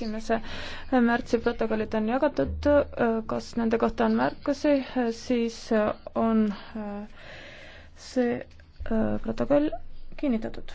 esimese märtsi protokollid on jagatud, kas nende kohta on märkusi, siis on see protokoll kinnitatud.